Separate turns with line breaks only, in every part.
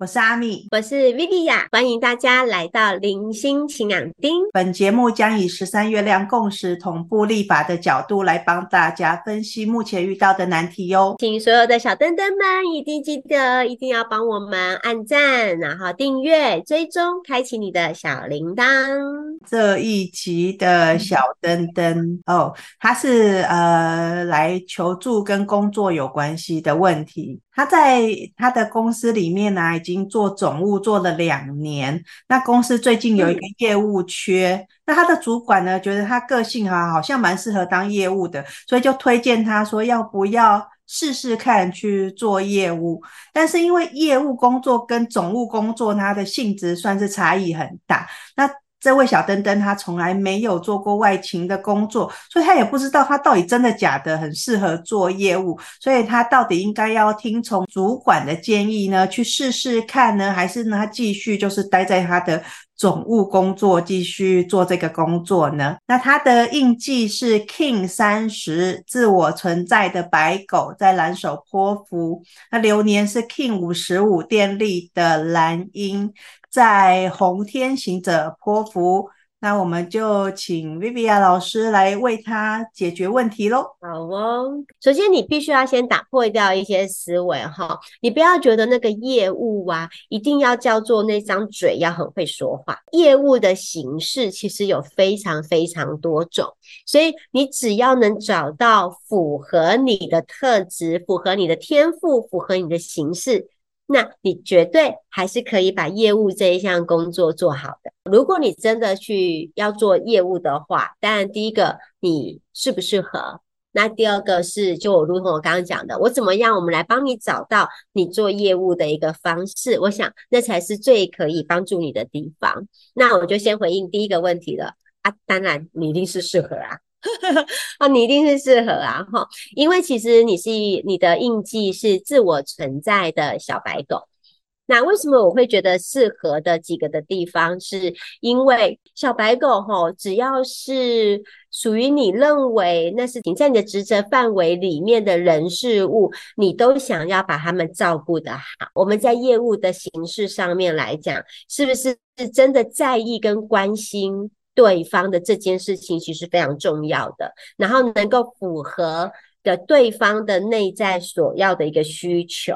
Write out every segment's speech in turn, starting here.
我是阿米，我是 Viviya，歡迎大家來到人生 A 青紅燈。本節目將以十三月亮共時同步曆法的角度來幫大家分析目前遇到的難題喲、哦。請所有的小燈燈們一
定記得，一定要幫我們按讚，然後訂閱、追蹤、開啟你的小鈴鐺。
這一集的小燈燈哦，他是呃來求助跟工作有關係的問題，他在他的公司裡面呢、啊。已經做總務做了兩年，那公司最近有一個業務缺，嗯、那他的主管呢覺得他個性啊好像蠻適合當業務的，所以就推薦他說要不要試試看去做業務，但是因為業務工作跟總務工作它的性質算是差異很大，那。這位小燈燈，他從來沒有做過外勤的工作，所以他也不知道他到底真的假的很適合做業務，所以他到底應該要聽從主管的建議呢，去試試看呢，還是呢？他繼續就是待在他的總務工作，繼續做這個工作呢？那他的印記是 King 三十，自我存在的白狗，在藍手波符，那流年是 King 五十五，電力的藍鷹。在紅天行者波符，那我們就請 Viviya 老師來為他解決問題嘍。
好哦，首先你必須要先打破掉一些思維哈，你不要覺得那個業務啊，一定要叫做那張嘴要很會說話。業務的形式其實有非常非常多種，所以你只要能找到符合你的特質、符合你的天賦、符合你的形式。那你絕對還是可以把業務這一項工作做好的。如果你真的去要做業務的話，當然第一個你適不適合，那第二個是就我如同我剛剛講的，我怎麼樣，我們來幫你找到你做業務的一個方式。我想那才是最可以幫助你的地方。那我就先回應第一個問題了啊，當然你一定是適合啊。啊， 你一定是適合啊，哈，因為其實你是你的印記是自我存在的小白狗。那為什麼我會覺得適合的幾個的地方，是因為小白狗、哦，哈，只要是屬於你認為那是在你的職責範圍裡面的人事物，你都想要把他們照顧得好。我們在業務的形式上面來講，是不是是真的在意跟關心？對方的這件事情其實非常重要的，然後能夠符合的對方的內在所要的一個需求。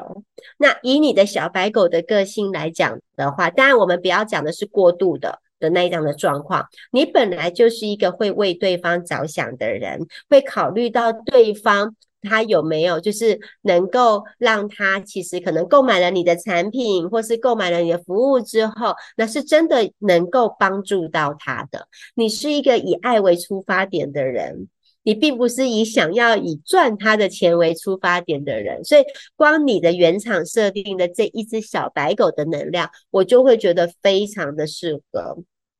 那以你的小白狗的個性來講的話，當然我們不要講的是過度的的那一樣的狀況。你本來就是一個會為對方着想的人，會考慮到對方。他有沒有就是能夠讓他其實可能購買了你的產品，或是購買了你的服務之後，那是真的能夠幫助到他的。你是一個以愛為出發點的人，你並不是以想要以賺他的錢為出發點的人。所以，光你的原廠設定的這一隻小白狗的能量，我就會覺得非常的適合。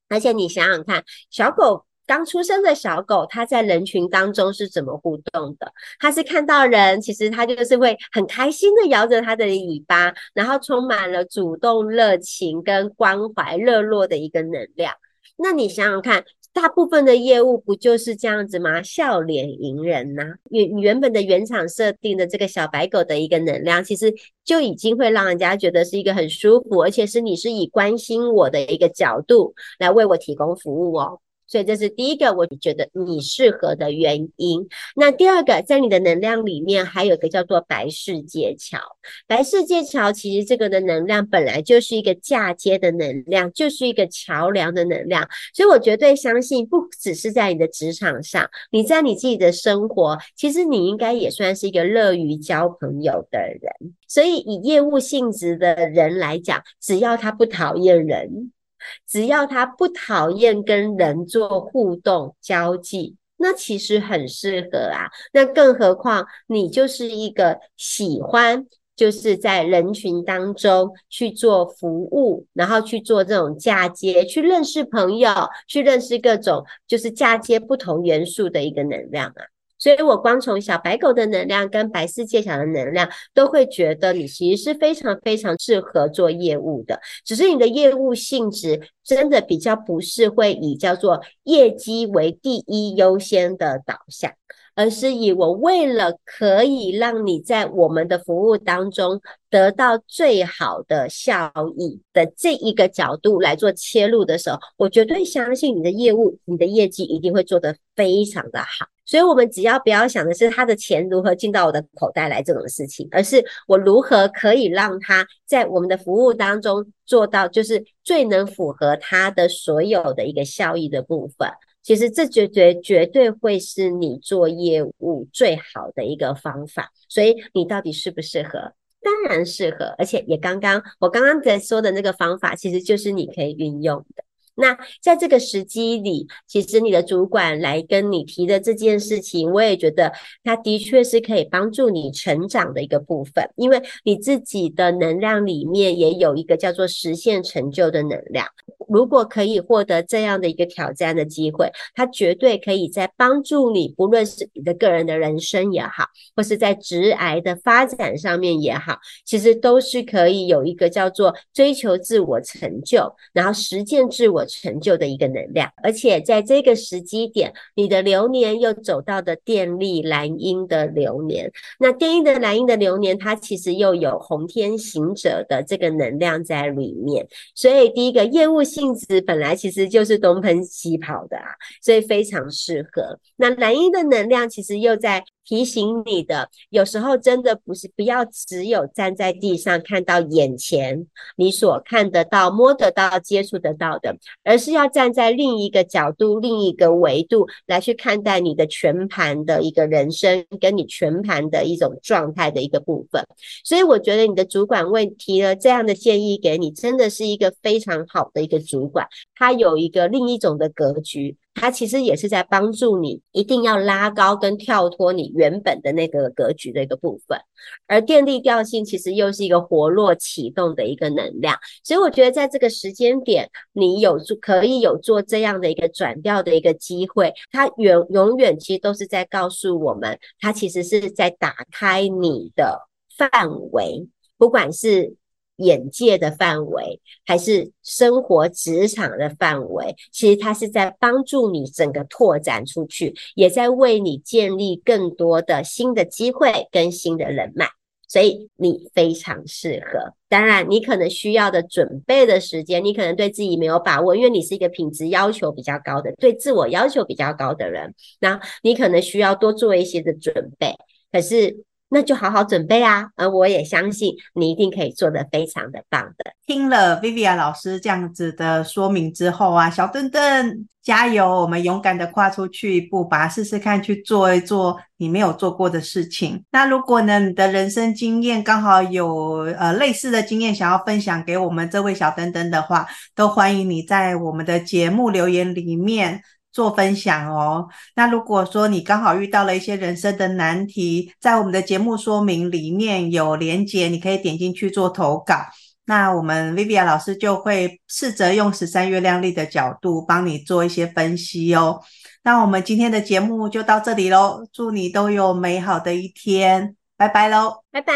而且你想想看，小狗。剛出生的小狗，它在人群當中是怎麼互動的？它是看到人，其實它就是會很開心的搖着它的尾巴，然後充滿了主動、熱情跟關懷、熱絡的一個能量。那你想想看，大部分的業務不就是這樣子嗎？笑臉迎人吶、啊。原原本的原廠設定的這個小白狗的一個能量，其實就已經會讓人家覺得是一個很舒服，而且是你是以關心我的一個角度來為我提供服務哦。所以這是第一個，我覺得你適合的原因。那第二個，在你的能量裡面，還有一個叫做白世界橋。白世界橋其實這個的能量本來就是一個嫁接的能量，就是一個橋樑的能量。所以我絕對相信，不只是在你的職場上，你在你自己的生活，其實你應該也算是一個樂於交朋友的人。所以以業務性質的人來講，只要他不討厭人。只要他不討厭跟人做互動交際，那其實很適合啊。那更何況你就是一個喜歡，就是在人群當中去做服務，然後去做這種嫁接，去認識朋友，去認識各種就是嫁接不同元素的一個能量啊。所以，我光從小白狗的能量跟白世界橋的能量，都會覺得你其實是非常非常適合做業務的。只是你的業務性質真的比較不是會以叫做業績為第一優先的導向，而是以我為了可以讓你在我們的服務當中得到最好的效益的這一個角度來做切入的時候，我絕對相信你的業務，你的業績一定會做得非常的好。所以，我們只要不要想的是他的錢如何進到我的口袋來這種事情，而是我如何可以讓他在我們的服務當中做到，就是最能符合他的所有的一個效益的部分。其實，這絕絕絕對會是你做業務最好的一個方法。所以，你到底適不適合？當然適合，而且也剛剛我剛剛在說的那個方法，其實就是你可以運用的。那在這個時機裡，其實你的主管來跟你提的這件事情，我也覺得他的確是可以幫助你成長的一個部分，因為你自己的能量裡面也有一個叫做實現成就的能量。如果可以獲得這樣的一個挑戰的機會，它絕對可以在幫助你，不論是你的個人的人生也好，或是在職涯的發展上面也好，其實都是可以有一個叫做追求自我成就，然後實踐自我成就的一個能量。而且在這個時機點，你的流年又走到了電力藍鷹的流年，那電力的藍鷹的流年，它其實又有紅天行者的這個能量在裡面。所以第一個業務。性質本來其實就是東奔西跑的啊，所以非常適合。那藍鷹的能量其實又在。提醒你的，有時候真的不是不要只有站在地上看到眼前你所看得到、摸得到、接觸得到的，而是要站在另一個角度、另一個維度來去看待你的全盤的一個人生，跟你全盤的一種狀態的一個部分。所以我覺得你的主管問提了這樣的建議給你，真的是一個非常好的一個主管，他有一個另一種的格局。它其實也是在幫助你，一定要拉高跟跳脫你原本的那個格局的一個部分，而電力調性其實又是一個活絡啟動的一個能量，所以我覺得在這個時間點，你有做可以有做這樣的一個轉調的一個機會，它永永遠其實都是在告訴我們，它其實是在打開你的範圍，不管是。眼界的範圍，還是生活、職場的範圍，其實它是在幫助你整個拓展出去，也在為你建立更多的新的機會跟新的人脈，所以你非常適合。當然，你可能需要的準備的時間，你可能對自己沒有把握，因為你是一個品質要求比較高的、對自我要求比較高的人，那你可能需要多做一些的準備。可是，那就好好準備啊！而我也相信你一定可以做得非常的棒的。
聽了 Viviya 老師這樣子的說明之後啊，小燈燈加油！我們勇敢的跨出去一步，把它試試看去做一做你沒有做過的事情。那如果呢，你的人生經驗剛好有呃類似的經驗，想要分享給我們這位小燈燈的話，都歡迎你在我們的節目留言裡面。做分享哦。那如果說你剛好遇到了一些人生的難題，在我們的節目說明裡面有連結，你可以點進去做投稿。那我們 Viviya 老師就會試着用十三月亮曆的角度幫你做一些分析哦。那我們今天的節目就到這裡嘍，祝你都有美好的一天，拜拜嘍，拜拜。